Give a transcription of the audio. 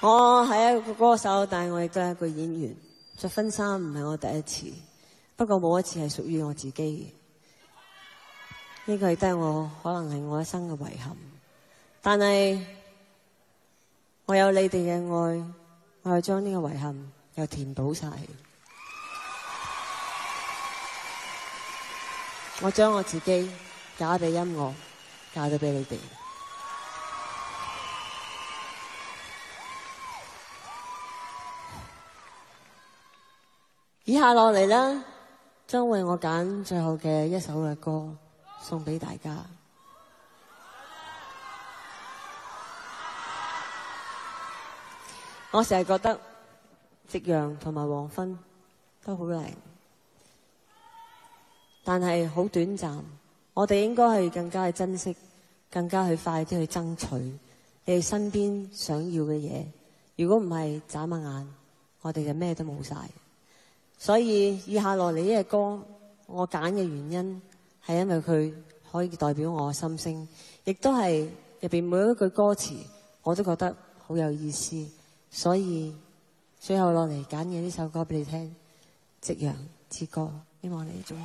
我係一個歌手，但係我亦都係一個演員。着婚紗唔係我第一次，不過沒有一次係屬於我自己嘅。呢、這個亦都係我可能係我一生嘅遺憾。但係我有你哋嘅愛，我將呢個遺憾又填補晒。 我將我自己嫁俾音樂，嫁咗俾你哋。以下落嚟咧，將為我揀最後嘅一首嘅歌送畀大家。 我成日覺得夕陽同埋黃昏都好靚，但係好短暫。我哋應該係更加去珍惜，更加去快啲去爭取你哋身邊想要嘅嘢。如果唔係眨下眼，我哋就咩都冇晒。所以以下落嚟呢隻歌，我揀嘅原因係因為佢可以代表我嘅心聲，亦都係入邊每一句歌詞我都覺得好有意思，所以最後落嚟揀嘅呢首歌俾你聽，《夕陽之歌》，希望你中意。